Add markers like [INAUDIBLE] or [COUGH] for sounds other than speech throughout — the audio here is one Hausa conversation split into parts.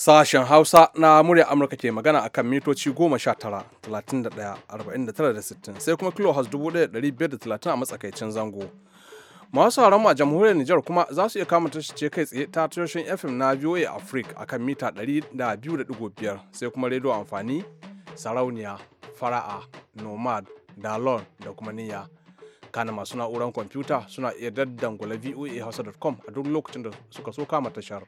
Sashen Hausa na murya Amurka ke magana akan mitoci 19, 31, 49 sai kuma kilohaz 1530 a matsakaicin zango. Masu haramu a jamhuriyar Nijar kuma za su iya kama tashoci kai tsaye ta tashoshin FM na VOA Africa akan mita 102.5 sai kuma rediyo amfani, sarauniya, fara'a, nomad, dalon da kuma niya kana masu na'urar kwamfuta suna iya daddangula voa hausa.com a duk lokacin da suka so kama tashar.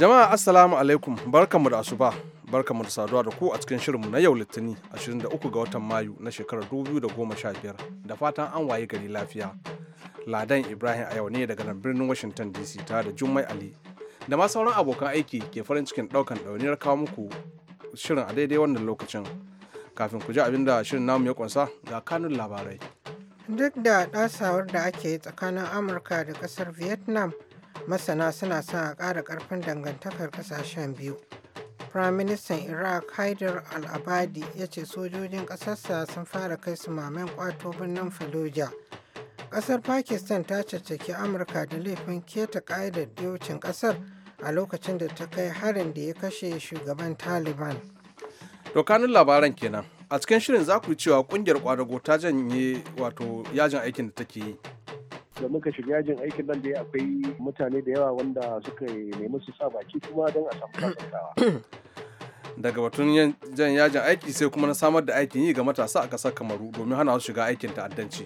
Jama'a Assalamu alaikum mu da asuba mu da saduwa da ku a cikin shirinmu na yau Litinin 23 ga watan Mayu na shekarar 2015 da fatan an waye gari lafiya. Ladan Ibrahim a yau ne daga nan birnin Washington DC tare da Jummai Ali da ma sauran abokan aiki ke farin cikin daukan ɗauniyar kawo muku shirin a daidai wannan lokacin. Kafin ku ji abin da shirin namu ya kunsa ga kanun labarai. Duk da ɗasawar da ake tsakanin Amurka da ƙasar Vietnam, Masana suna son a ƙara karfin dangantakar ƙasashen biyu. Firaministan Iraq Haidar al-Abadi ya ce sojojin ƙasarsa sun fara kai su mamen ƙwato birnin Fallujah. Ƙasar Pakistan ta caccaki Amurka da laifin keta ƙa'idar diyocin ƙasar a lokacin da ta kai harin da ya kashe shugaban Taliban. Dokanin labaran kenan. A cikin shirin za ku cewa kungiyar kwadago ta janye wato yajin aikin da take yi. da muka shiga yajin aikin nan ya akwai mutane da yawa wanda suka nemi su sa baki kuma don a samu kasantawa. [COUGHS] daga batun jan yajin aiki sai kuma na samar da aikin yi ga matasa a kasar kamaru domin hana su shiga aikin ta'addanci.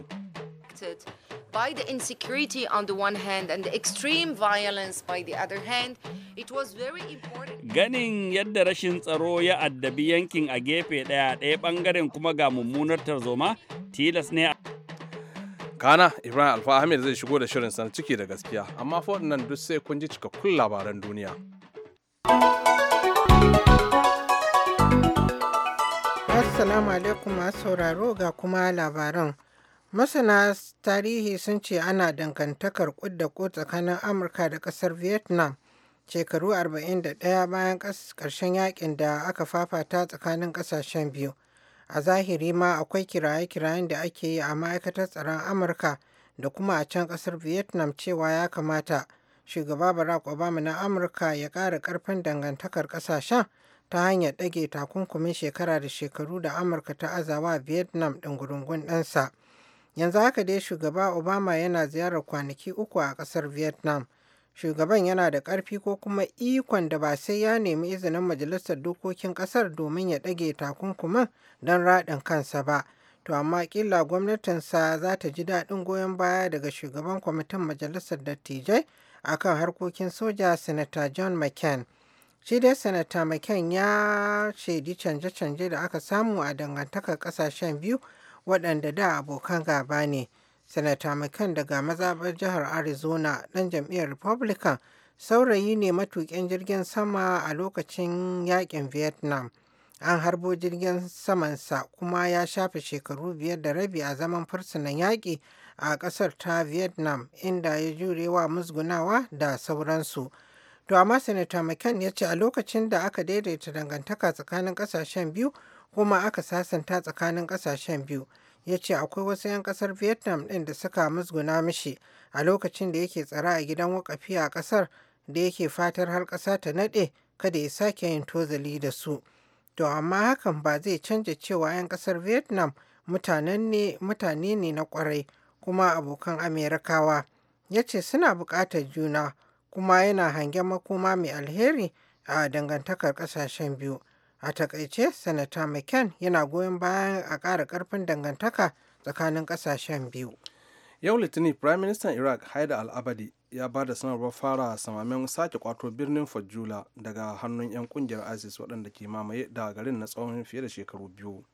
by the insecurity on the one hand and the extreme violence by the other hand, it was very important. Ganin yadda rashin tsaro ya addabi yankin a gefe ɗaya ɗaya ɓangaren kuma ga mummunar tarzoma, tilas ne kana ibrahim alfa ahmed zai shigo da shirin sana ciki da gaskiya amma nan duk sai kun ji cikakkun labaran duniya assalamu alaikum masu sauraro ga kuma labaran masana tarihi sun ce ana dangantakar kud da ko tsakanin amurka da kasar vietnam shekaru 41 bayan ƙarshen yakin da aka fafata tsakanin ƙasashen biyu A zahiri ma akwai kiraye-kirayen da ake yi a ma'aikatar tsaron Amurka da kuma a can ƙasar Vietnam cewa ya kamata Shugaba Barack Obama na Amurka ya ƙara ƙarfin dangantakar ƙasashen ta hanyar ɗage takunkumin shekara da shekaru da Amurka ta azawa Vietnam ɗungurungun ɗansa Yanzu haka dai Shugaba Obama yana ziyarar kwanaki uku a ƙasar Vietnam. shugaban yana da ƙarfi ko kuma ikon da ba sai ya nemi izinin majalisar dokokin ƙasar domin ya ɗage takunkumin don raɗin kansa ba to amma ƙila gwamnatinsa za ta ji daɗin goyon baya daga shugaban kwamitin majalisar dattijai a kan harkokin soja sanata john mccain shi dai sanata mccain ya shaidi canje-canje da aka samu a dangantakar ƙasashen biyu waɗanda da abokan gaba ne. Sanata McCain daga mazaɓar jihar Arizona ɗan jam'iyyar Republican saurayi ne matuƙin jirgin sama a lokacin yaƙin Vietnam. An harbo jirgin samansa kuma ya shafe shekaru biyar da rabi a zaman fursunan yaƙi a ƙasar ta Vietnam inda ya jurewa musgunawa da sauransu. To amma Sanata McCain ya ce a lokacin da aka daidaita dangantaka tsakanin ƙasashen biyu kuma aka sasanta tsakanin ƙasashen biyu. ya ce akwai wasu 'yan kasar vietnam ɗin da suka musguna mishi a lokacin da yake tsara a gidan wakafi a kasar da yake fatar har ƙasa ta naɗe kada ya sake yin tozali da su to amma hakan ba zai canja cewa 'yan kasar vietnam mutane ne na kwarai kuma abokan amerikawa ya ce suna buƙatar juna kuma yana hangen makoma mai alheri a dangantakar ƙasashen biyu A takaice, Sanata McCain yana goyon bayan a ƙara ƙarfin dangantaka tsakanin ƙasashen biyu. Yau Litinin, Prime Minister Iraq Haida al-Abadi ya ba da sanarwar fara samamen sake kwato birnin Fajula daga hannun 'yan kungiyar ISIS waɗanda ke mamaye da garin na tsawon fiye da shekaru biyu.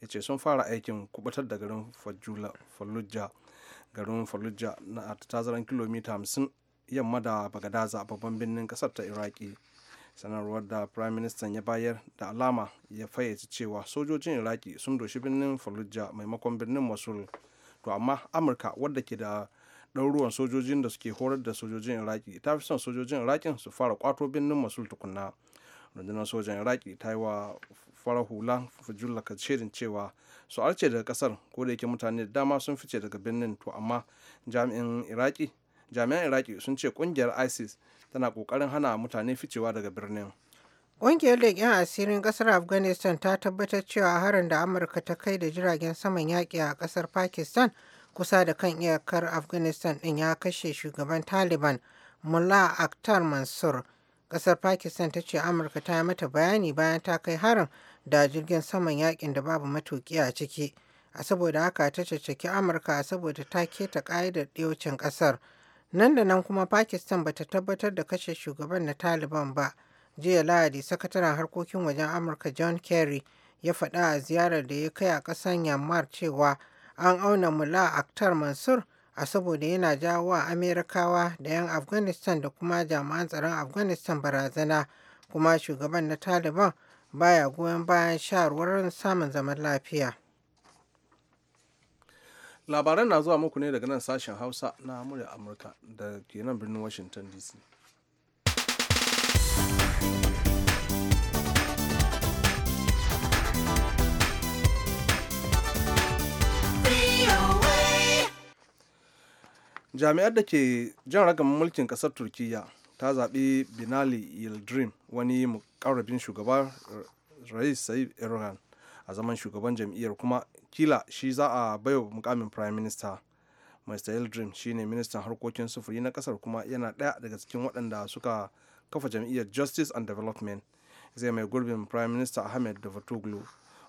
Ya ce sun fara aikin kubutar da garin Fajula, Fallujah. Garin Fallujah na tazaran kilomita 50 yamma da Bagadaza babban birnin ƙasar ta Iraki. sanarwar da prime minister ya bayar da alama ya fayyace cewa sojojin iraki sun doshi birnin fallujah maimakon birnin mosul to amma amurka wadda ke da ɗaruruwan sojojin da suke horar da sojojin iraki ta fi son sojojin irakin su fara kwato birnin mosul tukunna rundunar sojan iraki ta yi wa fara hula fujulla shirin cewa su arce daga kasar ko da yake mutane da dama sun fice daga birnin to amma jami'an iraki sun ce kungiyar isis tana kokarin hana mutane ficewa daga birnin Ƙungiyar leƙen asirin ƙasar Afghanistan ta tabbatar cewa harin da Amurka ta kai da jiragen saman yaƙi a ƙasar Pakistan kusa da kan iyakar Afghanistan ɗin ya kashe shugaban Taliban Mullah Akhtar Mansur. Ƙasar Pakistan ta ce Amurka ta yi mata bayani bayan ta kai harin da jirgin saman yaƙin da babu matuƙi a ciki. A saboda haka ta caccaki Amurka saboda ta keta ƙa'idar ɗiyocin ƙasar. nan da nan kuma pakistan bata tabbatar da kashe shugaban na taliban ba jiya lahadi sakataren harkokin wajen amurka john kerry ya faɗa a ziyarar da ya kai a ƙasar yammar cewa an auna mula aktar mansur a saboda yana jawo amerikawa da 'yan afghanistan da kuma jami'an tsaron afghanistan barazana kuma shugaban na taliban baya goyon bayan shawarwarin samun zaman lafiya labaran na zuwa muku ne daga nan sashen hausa na murya amurka da ke nan birnin washington dc jami'ar da ke jan ragamin mulkin kasar turkiyya ta zaɓi binali yildirim wani mukarrabin shugaban rais Said erdogan a zaman shugaban jam'iyyar kuma kila shi za a baiwa mukamin prime minister mr eldrim shine ministan harkokin sufuri na kasar kuma yana ɗaya daga cikin waɗanda suka kafa jam'iyyar justice and development zai mai gurbin prime minister ahmed davutoglu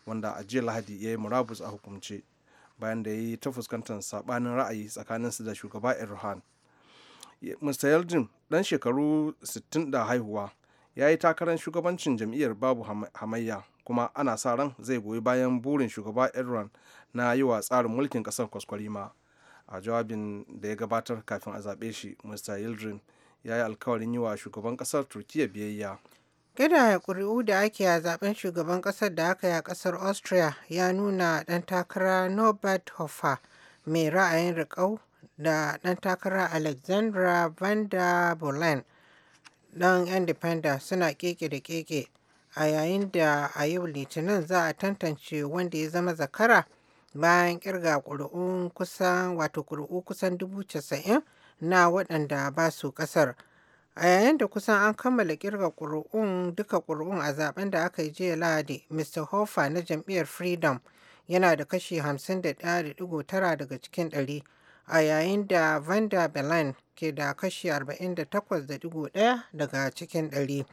wanda a jiya lahadi ya yi murabus a hukumce bayan da ya yi ta fuskantar sabanin ra'ayi tsakanin su da shugaba erhan mr yeldin dan shekaru 60 da haihuwa ya yi takarar shugabancin jam'iyyar babu hamayya kuma ana sa ran zai goyi bayan burin shugaba erdogan na yi wa tsarin mulkin kasar kwaskwarima a jawabin da ya gabatar kafin a zaɓe shi mr yildirim ya yi alkawarin yi wa shugaban kasar Turkiyya biyayya gidaya ƙuri'u da ake a zaben shugaban ƙasar da aka yi a ƙasar austria ya nuna ɗan takara norbert hofer mai ra'ayin riƙau da ɗan takara alexandra van der Bolen ɗan independent suna keke da keke a yayin da a yau litinin za a tantance wanda ya zama zakara bayan kirga ƙuri'un kusan wato ƙuri'u kusan dubu casa'in na waɗanda ba su ƙasar a yayin da kusan an kammala kirga ƙuri'un duka ƙuri'un a zaben da aka yi jiya lahadi mr hoffa na jam'iyyar freedom yana da kashi 51.9 daga cikin ɗari, a yayin da vanda belen ke da kashi 48.1 daga cikin ɗari.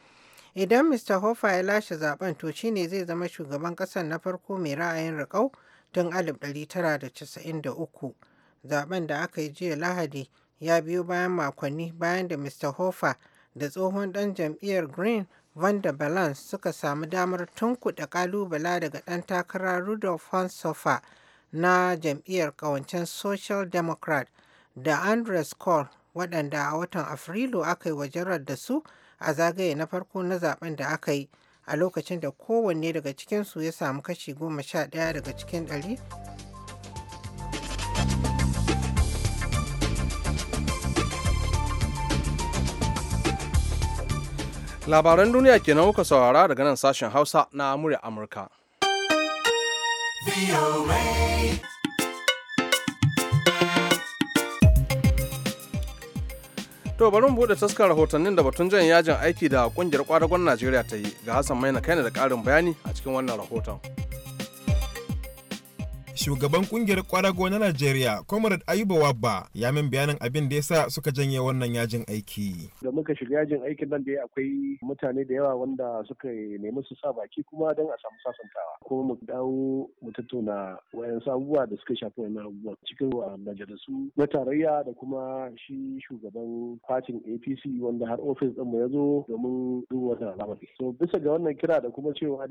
Idan Mr. Hoffa ya lashe zaben to shi ne zai zama shugaban ƙasar na farko mai ra'ayin riƙau tun 1993. Zaben da aka yi jiya Lahadi ya biyo bayan makonni bayan da Mr. Hoffa da tsohon ɗan jam'iyyar Green Van der Balance suka samu damar tunkuɗa ƙalubala daga ɗan takarar Rudolf hansoffer na jam'iyyar ƙawancen Social Democrat da Andres Kohl waɗanda a watan afrilu aka yi wa jarar da su a zagaye na farko na zaben da aka yi a lokacin da kowanne daga cikinsu ya samu kashi goma sha ɗaya daga cikin ɗari labaran duniya kenan kuka saurara daga nan sashen hausa na amurya amurka To bari mu bude taskar rahotannin da batun jan yajin aiki da kungiyar kwadagon Najeriya ta yi ga Hassan Maina kai da karin bayani a cikin wannan rahoton. shugaban kungiyar kwarago na Najeriya, Comrade Ayuba Wabba, ya min bayanin abin da yasa suka janye wannan yajin aiki. Da muka shiga yajin aikin nan da akwai mutane da yawa wanda suka nemi su sa baki kuma don a samu sasantawa. Kuma mu dawo mu tattauna wayan abubuwa da suka shafi wannan abubuwa cikin majalisu na tarayya da kuma shi shugaban fatin APC wanda har ofis ɗinmu ya zo domin duk wata al'amari. So bisa ga wannan kira da kuma cewa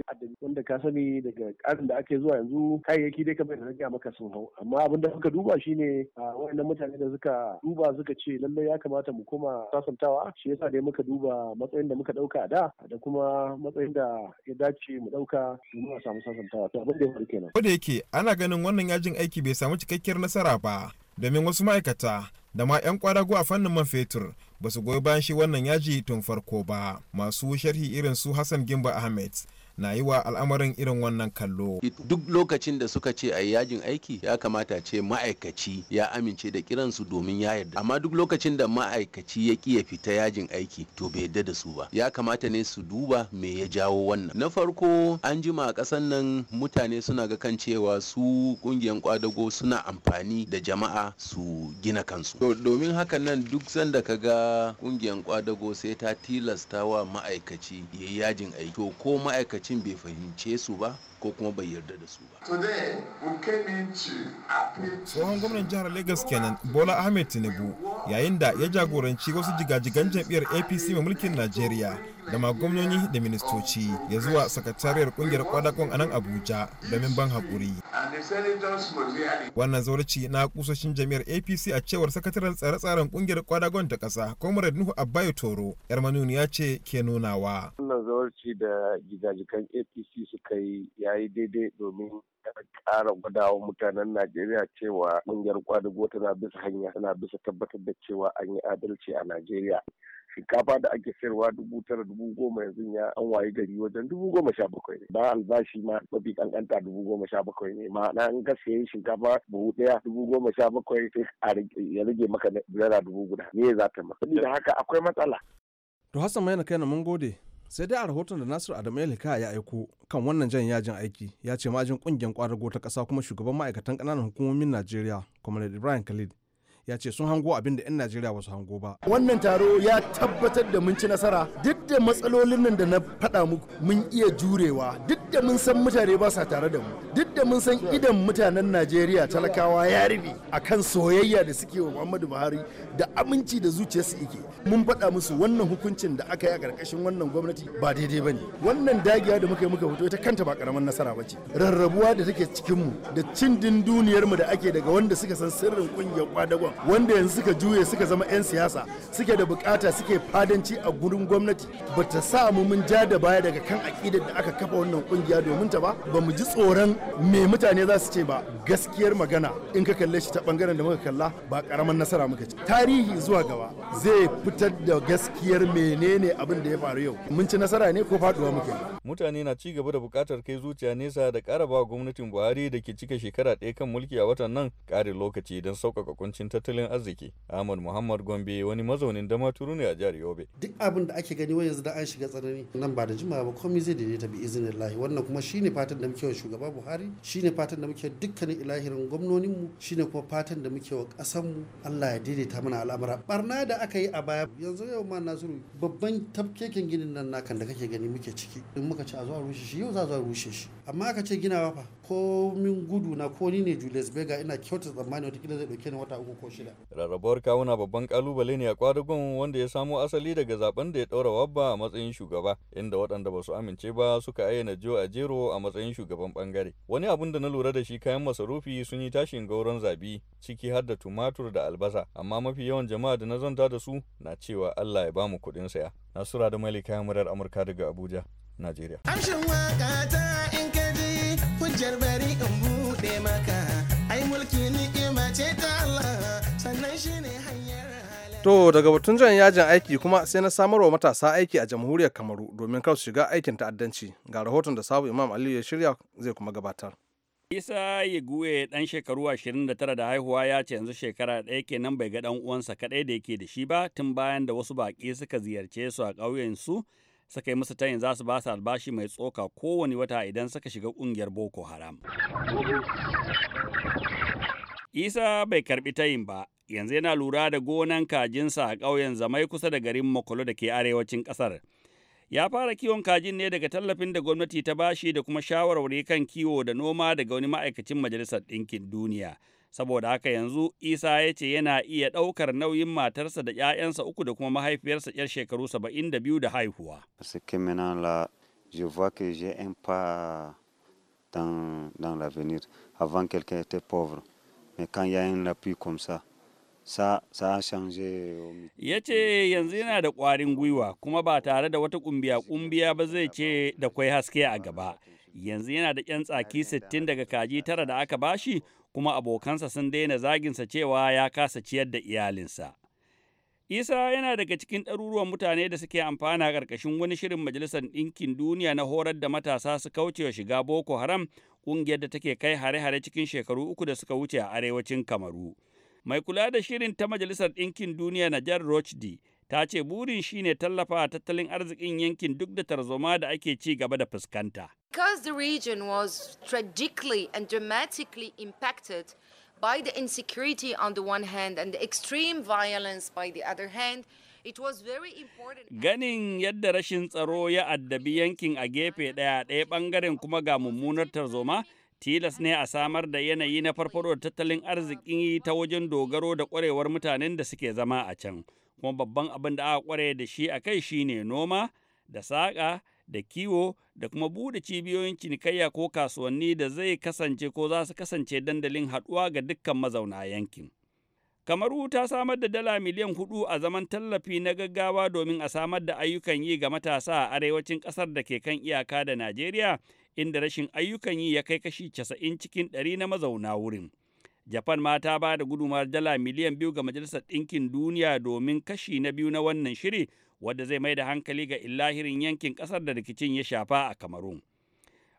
wanda ka sani daga ƙarin da ake zuwa yanzu kayayyaki dai kamar da na gaya maka sun hau amma abin da muka duba shine a wayannan mutane da suka duba suka ce lallai ya kamata mu koma sasantawa shi yasa dai muka duba matsayin da muka dauka da da kuma matsayin da ya dace mu dauka domin a samu sasantawa to abin da ya faru kenan ko da yake ana ganin wannan yajin aiki bai samu cikakkiyar nasara ba domin wasu ma'aikata da ma 'yan kwadago a fannin man fetur ba su goyi bayan shi wannan yaji tun farko ba masu sharhi irin su hassan gimba ahmed na yi wa al'amarin irin wannan kallo. Duk lokacin da suka ce a yajin aiki ya kamata ce ma'aikaci ya amince da kiransu domin ya yarda. Amma duk lokacin da ma'aikaci ya ki ya fita yajin aiki to bai yarda da su ba. Ya kamata ne su duba me ya jawo wannan. Na farko an jima a ƙasan nan mutane suna ga kan cewa su ƙungiyar kwadago suna amfani da jama'a su gina kansu. To domin haka nan duk sanda ka ga ƙungiyar kwadago sai ta tilasta wa ma'aikaci ya yajin aiki. To ko ma'aikaci mutum bai fahimce su ba ko kuma bai yarda da su ba. Tsohon gwamnan jihar lagos kenan Bola Ahmed Tinubu yayin da ya jagoranci wasu jigajigan jam'iyyar APC mai mulkin Najeriya da magwamnoni da ministoci ya zuwa sakatariyar kungiyar kwadakon a nan abuja domin ban haƙuri wannan zauraci na kusoshin jami'ar apc a cewar sakataren tsare-tsaren kungiyar kwadagon ta ƙasa comrade nuhu abayo toro yar ya ce ke nunawa wannan zauraci da gidajikan apc suka yi yayi daidai domin ƙara gwadawa mutanen Najeriya cewa ƙungiyar kwadugo tana bisa hanya tana bisa tabbatar da cewa an yi adalci a Najeriya. shinkafa da ake sayarwa dubu tara dubu goma yanzu ya an wayi gari wajen dubu goma sha bakwai ne ba albashi ma mafi kankanta dubu goma sha bakwai ne ma'ana in ka sayi shinkafa buhu ɗaya dubu goma sha bakwai sai ya rage maka naira dubu guda me za ta ma saboda haka akwai matsala to hassan mai na kai mun gode sai dai a rahoton da nasiru adamu yalika ya aiko kan wannan jan yajin aiki ya ce majin kungiyar kwadago ta kasa kuma shugaban ma'aikatan kananan hukumomin najeriya comrade ibrahim khalid ya ce sun hango abin da 'yan najeriya ba su hango ba wannan taro ya tabbatar da mun ci nasara duk da matsalolin nan da na faɗa muku mun iya jurewa duk da mun san mutane ba sa tare da mu duk da mun san idan mutanen najeriya talakawa ya rufe akan soyayya da suke wa muhammadu buhari da aminci da zuciya su ike mun faɗa musu wannan hukuncin da aka yi a ƙarƙashin wannan gwamnati ba daidai ba ne wannan dagiya da muka yi muka fito ita kanta ba ƙaramin nasara ba ce rarrabuwa da take cikinmu da cin duniyarmu da ake daga wanda suka san sirrin ƙungiyar kwadagon wanda yanzu suka juye suka zama 'yan siyasa suke da bukata suke fadanci a gurin gwamnati ba ta sa mu mun ja da baya daga kan aƙidar da aka kafa wannan kungiya domin ta ba ba mu ji tsoron me mutane za su ce ba gaskiyar magana in ka kalle shi ta bangaren da muka kalla ba karaman nasara muka ci tarihi zuwa gaba zai fitar da gaskiyar menene abin da ya faru yau mun ci nasara ne ko faduwa muke mutane na ci gaba da bukatar kai zuciya nesa da ƙara ba gwamnatin Buhari da ke cika shekara ɗaya kan mulki a watan nan ƙarin lokaci don sauƙaƙa kuncin tattalin tattalin arziki. Ahmad Muhammad Gombe wani mazaunin dama turu ne a jihar Yobe. Duk abin da ake gani yanzu da an shiga tsanani nan ba da jimawa ba komai zai daidaita bi izinin lahi wannan kuma shine fatan da muke wa shugaba Buhari shine fatan da muke dukkanin ilahirin mu shine kuma fatan da muke wa mu Allah ya daidaita mana al'amura. Barna da aka yi a baya yanzu yau ma Nasiru babban tafkeken ginin nan nakan da kake gani muke ciki in muka ci a zuwa rushe shi yau za a zuwa rushe shi amma aka ce ginawa fa ko min gudu na ko ni ne Julius Bega ina kyauta tsammani watakila zai dauke ni wata uku ko shida. Rarrabuwar kawuna babban kalubale ne a kwadagon wanda ya samo asali daga zaben da ya daura wabba a matsayin shugaba inda waɗanda ba su amince ba suka ayyana Jo jero a matsayin shugaban bangare. Wani abun da na lura da shi kayan masarufi sun yi tashin gauron zabi ciki har da tumatur da albasa amma mafi yawan jama'a da na zanta da su na cewa Allah ya bamu kuɗin saya. Nasura da Malika murar Amurka daga Abuja, Najeriya. hujjar bari in buɗe maka ai mulki ni'ima ce ta Allah sannan shine hanyar To daga batun jan yajin aiki kuma sai na samarwa matasa aiki a jamhuriyar Kamaru domin kar su shiga aikin ta'addanci ga rahoton da sabu Imam Aliyu ya shirya zai kuma gabatar. Isa Yeguwe ɗan shekaru 29 da haihuwa ya ce yanzu shekara ɗaya kenan bai ga dan uwansa kaɗai da yake da shi ba tun bayan da wasu baƙi suka ziyarce su a ƙauyen su suka yi masa tayin za su ba su albashi mai tsoka kowane wata idan suka shiga ƙungiyar boko haram isa bai karbi tayin ba yanzu yana lura da gonan kajinsa a ƙauyen zamai kusa da garin makolo da ke arewacin ƙasar ya fara kiwon kajin ne daga tallafin da gwamnati ta bashi da kuma shawarwari kan kiwo da noma daga wani ma'aikacin majalisar ɗinkin duniya saboda haka yanzu isa ya ce yana iya ɗaukar nauyin matarsa da 'ya'yansa uku da kuma mahaifiyarsa 'yar shekaru 72 da haihuwa je vois que j'ai un pas dans, dans l'avenir. Avant, quelqu'un était pauvre. Mais quand il y a un appui comme ça, ça, ça a changé. Ya ce yanzu yana da ƙwarin gwiwa kuma ba tare da wata ƙumbiya-ƙumbiya ba zai ce da kwai haske a gaba. Yanzu yana da 'yan tsaki 60 daga kaji tara da aka bashi kuma abokansa sun daina zaginsa cewa ya kasa ciyar da iyalinsa. Isa yana daga cikin ɗaruruwan mutane da suke amfana ƙarƙashin wani shirin Majalisar Ɗinkin Duniya na horar da matasa su kauce wa shiga Boko Haram, ƙungiyar da take kai hare-hare cikin shekaru uku da suka wuce a arewacin Kamaru. Mai kula da shirin ta Majalisar Ɗinkin Duniya na Jar Rochdi ta ce burin shine tallafa tattalin arzikin yankin duk da tarzoma da ake ci gaba da fuskanta. Because the region was tragically and dramatically impacted by the insecurity on the one hand and the extreme violence by the other hand, Ganin yadda rashin tsaro ya addabi yankin a gefe ɗaya ɗaya ɓangaren kuma ga mummunar tarzoma, tilas ne a samar da yanayi na farfado tattalin arziki ta wajen dogaro da ƙwarewar mutanen da suke zama a can. kuma babban abin da aka kware da shi a kai shine noma da saƙa da kiwo da kuma buɗe cibiyoyin cinikayya ko kasuwanni da zai kasance ko za su kasance dandalin haɗuwa ga dukkan mazauna yankin. Kamaru ta samar da dala miliyan hudu a zaman tallafi na gaggawa domin a samar da ayyukan yi ga matasa a arewacin ƙasar da ke kan iyaka da Najeriya, inda rashin ayyukan yi ya kai kashi casa'in cikin ɗari na mazauna wurin. Japan ma ta ba da gudumar dala miliyan biyu ga Majalisar Ɗinkin Duniya domin kashi na biyu na wannan shiri wadda zai mai da hankali ga illahirin yankin ƙasar da rikicin ya shafa a Kamarun.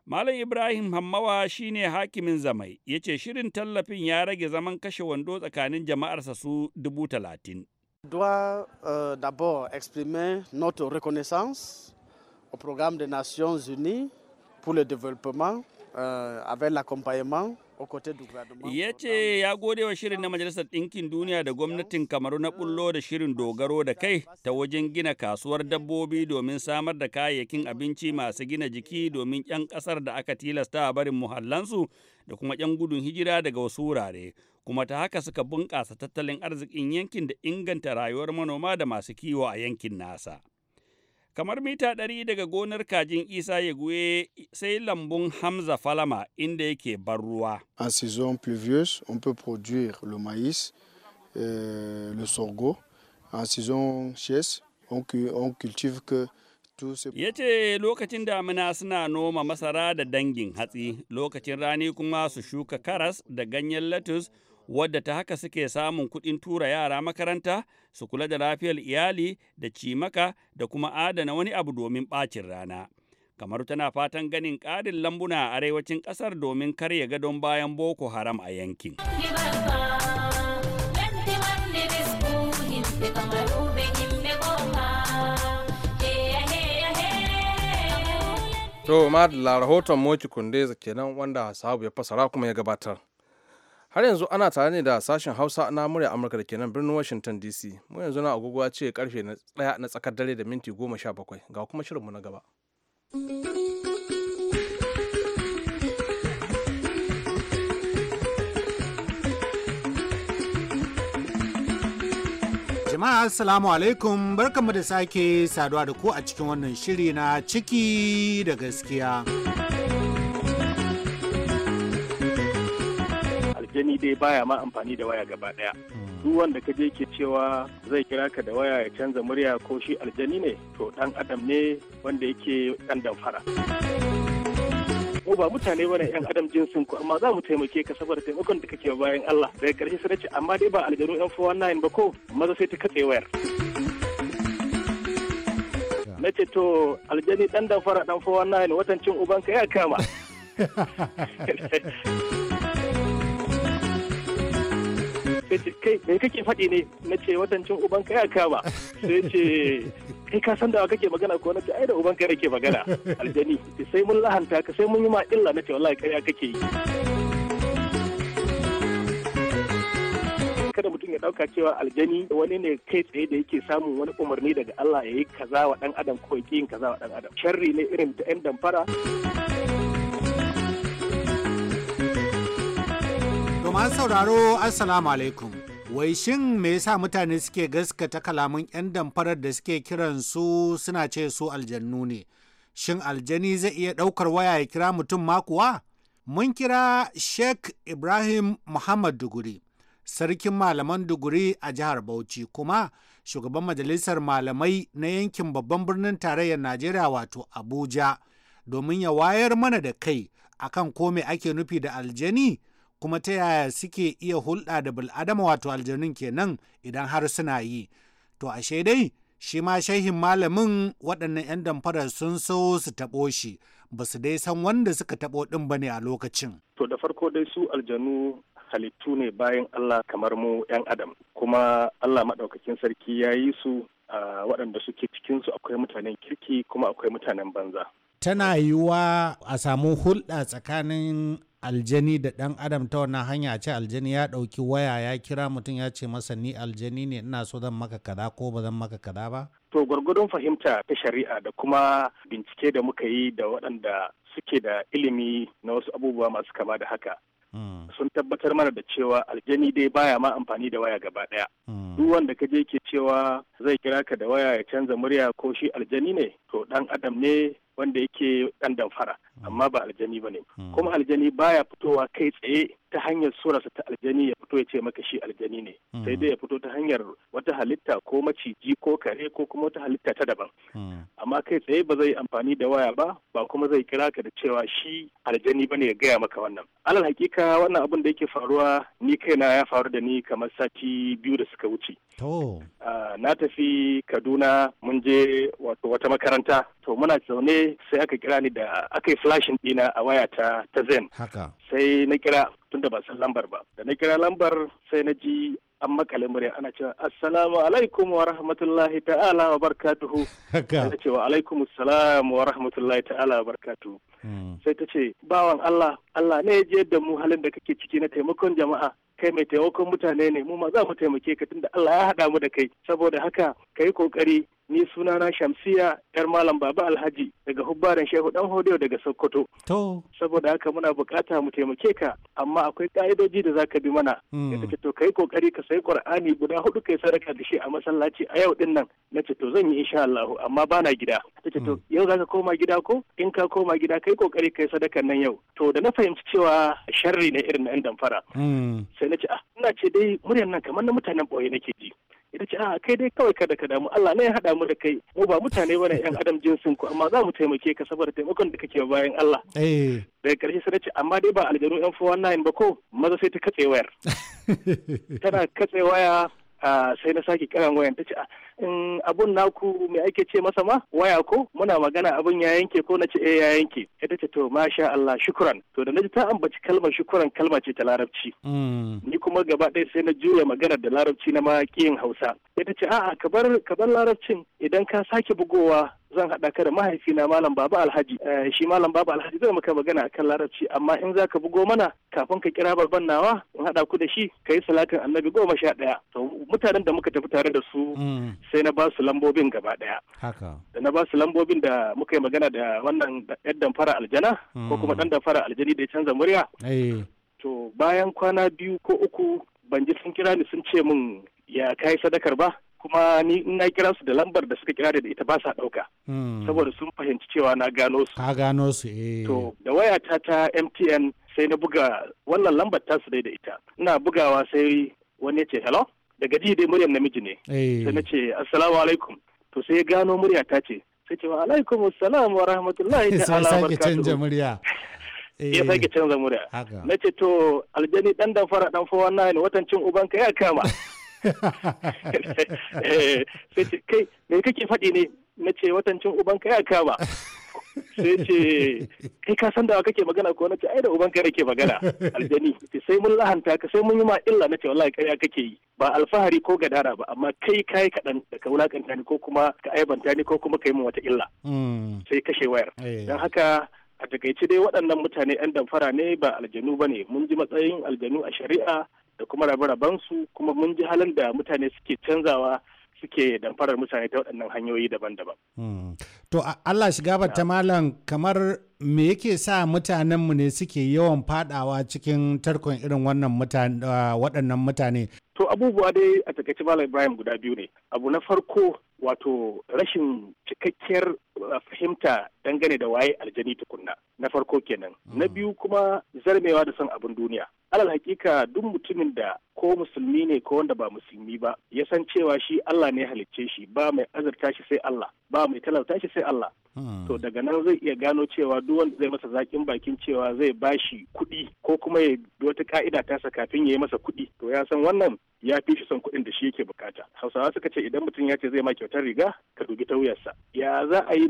Malam Ibrahim Hammawa shine hakimin zamai, ya ce shirin tallafin ya rage zaman kashe wando tsakanin jama'arsa su dubu talatin. doit euh, exprimer notre reconnaissance au programme des Nations Unies pour le développement euh, avec l'accompagnement ya ce ya gode wa shirin na majalisar ɗinkin duniya da gwamnatin kamaru na bullo da shirin dogaro da kai ta wajen gina kasuwar dabbobi domin samar da kayayyakin abinci masu gina jiki domin 'yan ƙasar da aka tilasta a barin muhallansu da kuma 'yan gudun hijira daga wasu wurare kuma ta haka suka bunƙasa tattalin arzikin yankin da inganta rayuwar manoma da masu kiwo a yankin nasa. kamar mita ɗari daga gonar kajin isa ya guye sai lambun hamza falama inda yake bar ruwa a saison pluvieuse on peut produire le maïs euh, le sorgho en saison chasse on, on cultive que ya ce lokacin damina suna noma masara da dangin hatsi lokacin rani kuma su shuka karas da ganyen latus wadda ta haka suke samun kuɗin tura yara makaranta su kula da lafiyar iyali da cimaka da kuma adana wani abu domin bacin rana. kamar tana fatan ganin ƙarin lambuna a arewacin ƙasar domin karya gadon bayan Boko Haram a yankin. To, ma da rahoton Moki kunde kenan wanda sabu ya fasara kuma ya gabatar. har yanzu ana tare ne da sashen hausa na murya amurka da kenan birnin washington dc mu yanzu na agogo ce karfe na daya na tsakar dare da minti goma sha bakwai ga kuma shirinmu na gaba jama'a assalamu alaikum barkanmu da sake saduwa da ku a cikin wannan shiri na ciki da gaskiya. aljani dai baya ma amfani da waya gaba daya hmm. duk wanda ka je ke cewa zai kira ka da waya ya canza murya ko shi aljani ne to dan adam ne wanda yake dan damfara mu ba mutane bane yan adam jinsin ku amma za mu taimake ka saboda taimakon da kake bayan Allah daga karshe sai ce amma dai ba aljanu yan 419 ba ko maza sai ta katse wayar na ce to aljani dan damfara dan 419 watan cin ubanka ya kama [LAUGHS] [LAUGHS] sai ce kai me kake faɗi ne na ce watancin uban kai aka ba sai ce kai ka san da kake magana ko na ce ai da uban kai nake magana aljani sai mun lahanta ka sai mun yi ma illa na ce wallahi kai kake yi kada mutum ya ɗauka cewa aljani wani ne kai tsaye da yake samun wani umarni daga Allah ya yi kaza wa dan adam ko yake yin kaza wa dan adam sharri ne irin ta yan damfara To masu sauraro Assalamu alaikum. Wai shin me yasa mutane suke gaskata kalaman 'yan damfarar da suke kiran su suna ce su aljannu ne? Shin aljani zai iya ɗaukar waya ya kira mutum makuwa Mun kira Sheikh Ibrahim Muhammad Duguri, sarkin malaman Duguri a jihar Bauchi kuma shugaban majalisar malamai na yankin babban birnin tarayyar Najeriya wato Abuja domin ya wayar mana da kai akan ko me ake nufi da aljani kuma ta yaya suke iya hulɗa da bil'adama wato aljanun kenan idan har suna yi to ashe dai shi ma shehin malamin waɗannan 'yan damfarar sun so su taɓo shi ba su dai san wanda suka taɓo ɗin ba ne a lokacin. To da farko dai su aljanu halittu ne bayan Allah kamar mu 'yan adam kuma Allah maɗaukakin sarki ya yi su a waɗanda suke cikinsu akwai mutanen kirki kuma akwai mutanen banza. Tana yiwuwa a samu hulɗa tsakanin aljani da ɗan adam ta wannan hanya ce aljani ya ɗauki waya ya kira mutum ya ce masa ni aljani ne ina so zan maka kaza ko ba zan maka kaza ba? To gwargwadon fahimta ta shari'a da kuma bincike da muka yi da waɗanda suke da ilimi na wasu abubuwa masu kama da haka. Hmm. Sun tabbatar mana da cewa aljani dai baya ma amfani da waya gaba ɗaya. Hmm. Duk wanda ka je ke cewa zai kira ka da waya ya canza murya ko shi aljani ne to dan adam ne wanda yake ɗan damfara hmm. amma ba aljani ba ne hmm. kuma aljani baya fitowa kai tsaye ta hanyar surarsa ta aljani ya fito ya ce maka shi aljani ne hmm. sai dai ya fito ta hanyar wata halitta ko maciji ko kare ko kuma wata halitta ta daban amma kai tsaye ba zai amfani da waya ba ba kuma zai kira ka da cewa shi aljani ba ne ya gaya maka wannan alal hakika wannan abun da yake faruwa ni kaina ya faru da ni kamar sati biyu da suka wuce ah, na tafi kaduna mun je wato wata makaranta to muna zaune sai aka kira ni da aka yi flashin dina a waya ta ta zen sai na kira tunda ba san lambar ba da na kira lambar sai na ji an makale murya ana cewa assalamu alaikum wa rahmatullahi ta'ala wa barakatuhu [LAUGHS] ana cewa alaikum assalam wa rahmatullahi ta'ala wa barakatuhu hmm. sai ta ce bawan Allah Allah ne ya je da mu halin da kake ciki na taimakon jama'a kai mai taimakon mutane ne mu ma za mu taimake ka tunda Allah ya hada mu da kai saboda haka kai yi kokari ni sunana shamsiya yar malam baba alhaji daga hubbaren shehu dan hodeo daga sokoto to saboda haka muna bukata mu taimake ka amma akwai ka'idoji da zaka bi mana da hmm. ce to kai kokari ka sai qur'ani guda hudu kai sadaka da shi a masallaci a yau din Na ce to zan yi insha Allah amma bana gida ta ce to hmm. yau zaka koma gida ko in ka koma gida kai kokari kai sadakan nan yau to da na fahimci cewa sharri ne irin na damfara hmm. sai na ce ah ina ce dai muryan nan kamar na mutanen boye nake ji ita ce a kai dai kawai kada ka damu Allah ne ya haɗa mu da kai mu ba mutane bane yan adam jinsin ku amma za mu taimake ka saboda taimakon da kake bayan Allah eh. daga ƙarshe sai ce amma dai ba aljanu yan 419 ba ko maza sai ta katse wayar [LAUGHS] tana katse waya sai na sake kiran wayan ta ce ah, in abun naku me ake ce masa ma waya ko muna magana abun ya yanke ko na ce eh ya yanke ita ce to masha Allah shukran to da naji ta ambaci kalmar shukran kalma ce ta larabci mm. ni kuma gaba ɗaya sai na juya magana da larabci na ma Hausa ita ce a'a ka bar larabcin idan ka sake bugowa zan haɗa ka da mahaifina malam baba alhaji eh, shi malam baba alhaji zai maka magana akan larabci amma in zaka bugo mana kafin ka kira babban nawa in haɗa ku da shi ka yi salatin annabi goma sha ɗaya to mutanen da muka tafi tare da su mm. sai na ba su lambobin gaba ɗaya da na ba su lambobin da muka yi magana da wannan ɗan damfara aljana ko kuma mm. ɗan damfara aljani da ya canza murya eh. to bayan kwana biyu ko uku ban ji sun kira ni sun ce min ya kai sadakar ba kuma ni in na kira su da lambar da suka kira da ita ba sa dauka hmm. Saboda sun fahimci cewa na gano su. Ka gano su eh. To da waya ta ta MTN sai na buga wannan lambar ta su dai da ita. Ina bugawa sai wani ya ce hello daga ji dai muryar namiji ne. Eh. Sai na ce assalamu alaikum. To sai ya gano murya ta ce sai ce wa alaikum assalam wa rahmatullahi [LAUGHS] ta ala canza murya. [LAUGHS] ya sake eh. canza murya. Na ce to aljani dan dan fara dan fowa na ne cin ubanka ya kama. [LAUGHS] sai ce kai me kake faɗi ne na ce watancin uban ka ya kama sai ce kai ka san da kake magana ko na ce ai da uban kai yake magana aljani sai mun lahanta ka sai mun yi ma illa na ce wallahi kai kake yi ba alfahari ko gadara ba amma kai kai kaɗan da ka wulakanta ni ko kuma ka aibanta ni ko kuma ka yi wata illa hmm. sai kashe wayar eh. Dan haka a takaice dai waɗannan mutane 'yan damfara ne ba aljanu ba ne mun ji matsayin aljanu a shari'a da kuma rabe su kuma mun ji halin da mutane suke canzawa suke damfarar mutane ta waɗannan hanyoyi daban-daban. Hmm. To Allah shiga ta malam kamar me yake sa mutanen mu ne suke yawan fadawa cikin tarkon irin wannan ah, waɗannan mutane? To abubuwa dai a takaice malam Ibrahim guda biyu ne. Abu na farko wato rashin cikakkiyar fahimta dangane da waye aljani tukunna na farko kenan na mm. biyu kuma zarmewa da son abin duniya alal hakika duk mutumin da ko musulmi ne ko wanda ba musulmi ba ya san cewa shi Allah ne halicce shi ba mai azurta shi sai Allah ba mai talauta shi sai Allah hmm. to daga nan zai iya gano cewa duk wanda zai masa zakin bakin cewa zai bashi kuɗi ko kuma ya wata ka'ida tasa kafin ya yi masa kuɗi to ya san wannan ya fi shi son kuɗin da shi yake bukata hausawa suka ce idan mutum ya ce zai ma kyautar riga ka dubi ta wuyarsa ya za a yi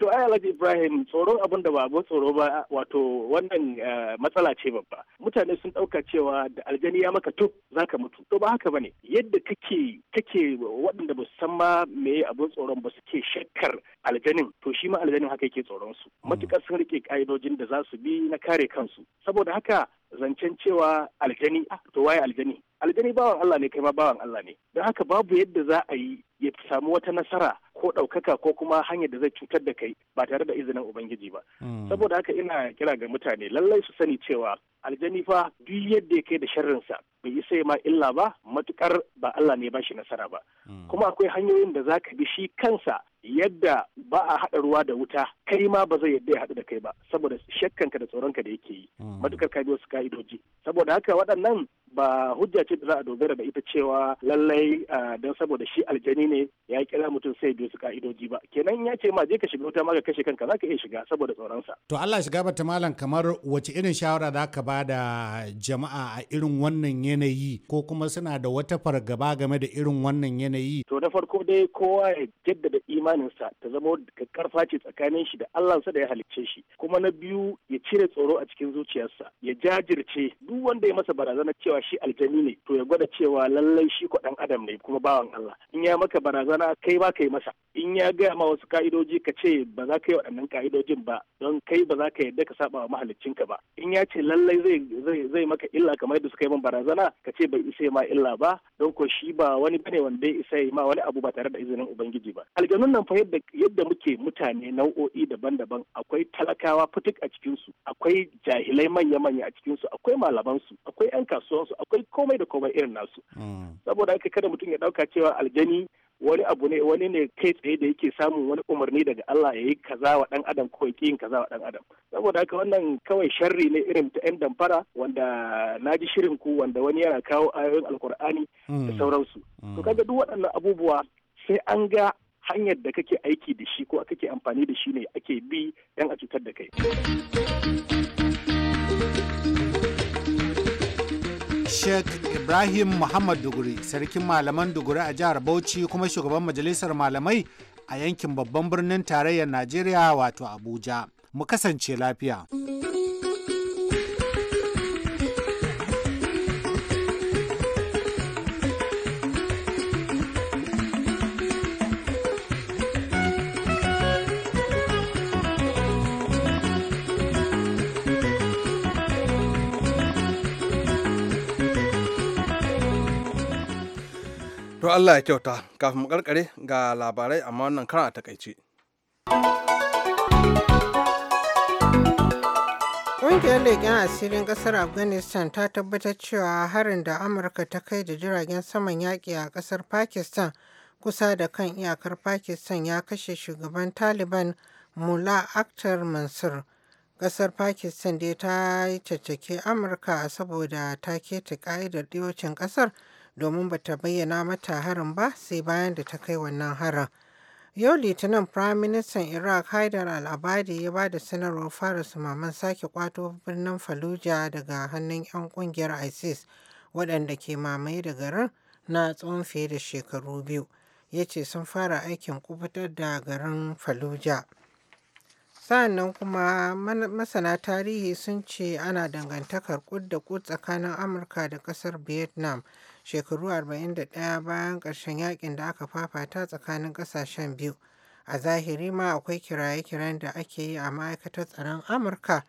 To ai Alhaji Ibrahim tsoron abin da ba tsoro ba wato wannan eh, matsala ce babba. Mutane sun ɗauka cewa da aljani ya maka to za ka mutu. To ba haka bane. Yadda kake waɗanda ba su san ma me abin tsoron ba suke shakkar aljanin to shi ma aljanin haka yake tsoron su. Mm. Matuƙar sun rike ƙa'idojin da za su bi na kare kansu. Saboda haka zancen cewa aljani ah, to waye aljani aljani bawan Allah ne kai ma bawan Allah ne don haka babu yadda za a yi ya samu wata nasara ko ɗaukaka ko kuma hanyar da zai cutar da kai ba tare da izinin ubangiji ba hmm. saboda haka ina kira ga mutane lallai su sani cewa aljani fa duk yadda ya kai da sharrinsa bai yi sai ma illa ba matukar ba Allah ne ba shi nasara ba hmm. kuma akwai hanyoyin da zaka bi shi kansa yadda ba a haɗa ruwa da wuta kai ma ba zai yadda ya haɗu da kai ba saboda shakkanka da tsoronka da yake yi hmm. matukar ka biyo wasu ka'idoji saboda haka waɗannan ba hujja ce da za a dogara da ita cewa lallai don saboda shi aljani ne ya kira mutum sai bi su ka'idoji ba kenan ya ce ma je ka shiga wuta ma ka kashe kanka za ka iya shiga saboda tsoronsa. to Allah shiga bata malam kamar wace irin shawara za ka ba da jama'a a irin wannan yanayi ko kuma suna da wata fargaba game da irin wannan yanayi. to na farko dai kowa ya jaddada imani tsakaninsa ta zama karfa ce tsakanin shi da Allahnsa da ya halicce shi kuma na biyu ya cire tsoro a cikin zuciyarsa ya jajirce duk wanda ya masa barazana cewa shi aljani ne to ya gwada cewa lallai shi kwaɗan adam ne kuma bawan Allah in ya maka barazana kai ka kai masa in ya gaya ma wasu ka'idoji ka ce ba za ka yi waɗannan ka'idojin ba don kai ba za ka yarda ka saba wa mahaliccinka ba in ya ce lallai zai zai zai maka illa kamar yadda suka yi min barazana ka ce bai isa ma illa ba don ko shi ba wani bane wanda ya isa ma wani abu ba tare da izinin ubangiji ba aljanun wannan fa yadda yadda muke mutane nau'o'i daban-daban akwai talakawa fitik a cikinsu akwai jahilai manya-manya a cikinsu akwai malamansu akwai 'yan kasuwansu akwai komai da komai irin nasu hmm. saboda haka kada mutum ya dauka cewa aljani wani abu ne wani ne kai tsaye da yake samun wani umarni daga Allah ya yi kaza wa dan adam ko yake yin kaza wa dan adam saboda haka wannan kawai sharri ne irin ta yan damfara wanda ji shirin ku wanda wani yana kawo ayoyin alkur'ani da hmm. sauransu to hmm. kaga duk waɗannan abubuwa sai an ga hanyar da kake aiki da shi ko kake amfani da shi ne ake bi yan a cutar da kai Sheikh Ibrahim Muhammad Duguri, sarkin malaman Duguri a jihar Bauchi kuma shugaban majalisar malamai a yankin babban birnin tarayyar Najeriya wato Abuja. Mu kasance lafiya. To Allah ya kyauta kafin mu karkare ga labarai amma wannan karan a takaice. Ƙungiyar leƙen asirin ƙasar Afghanistan ta tabbatar cewa harin da Amurka ta kai da jiragen saman yaƙi a ƙasar Pakistan kusa da kan iyakar Pakistan ya kashe shugaban Taliban Mullah Akhtar Mansur. Ƙasar Pakistan dai ta yi caccake Amurka saboda ta keta ƙa'idar ɗiyocin ƙasar. domin ba ta bayyana mata harin ba sai bayan da ta kai wannan harin. Yau Litinin Firaministan Iraq Haidar al-Abadi ya ba da sanarwar fara sumaman sake kwato birnin Fallujah daga hannun 'yan kungiyar ISIS waɗanda ke mamaye da garin na tsawon fiye da shekaru biyu. Ya ce sun fara aikin kubutar da garin Fallujah. Sa'annan kuma masana tarihi sun ce ana dangantakar ƙud da ƙud tsakanin Amurka da ƙasar Vietnam shekaru 41 bayan ƙarshen yakin da aka fafata tsakanin ƙasashen biyu. A zahiri ma akwai kiraye-kiran da ake yi a ma'aikatar tsaron Amurka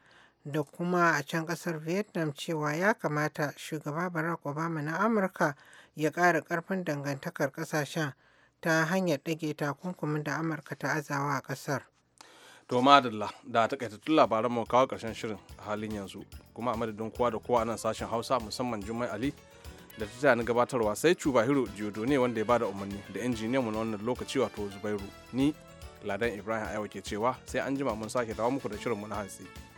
da kuma a can ƙasar Vietnam cewa ya kamata shugaba Barack Obama na Amurka ya ƙara ƙarfin dangantakar ƙasashen ta hanyar ɗage takunkumin da Amurka ta azawa a ƙasar. to madalla da takaitattun labaran mu kawo karshen shirin halin yanzu kuma a madadin kowa da kowa nan sashen hausa musamman jummai ali da ta tana gabatarwa sai cuba hiro jodo ne wanda ya bada umarni da injiniyan mu na wannan lokaci wato zubairu ni ladan ibrahim ayawa ke cewa sai an jima mun sake dawo muku da shirin mu na hantsi.